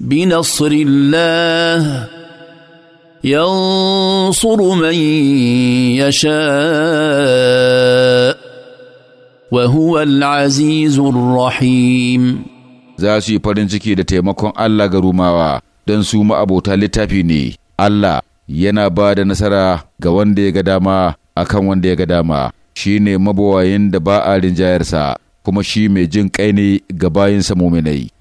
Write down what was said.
بنصر الله ينصر من يشاء وهو العزيز الرحيم za su yi farin ciki da taimakon Allah ga Rumawa don su ma'abota littafi ne, Allah yana ba da nasara ga wanda ya ga dama a kan wanda ya ga dama, shi ne mabawayin da ba a rinjayarsa, kuma shi mai jin kai ga bayinsa muminai.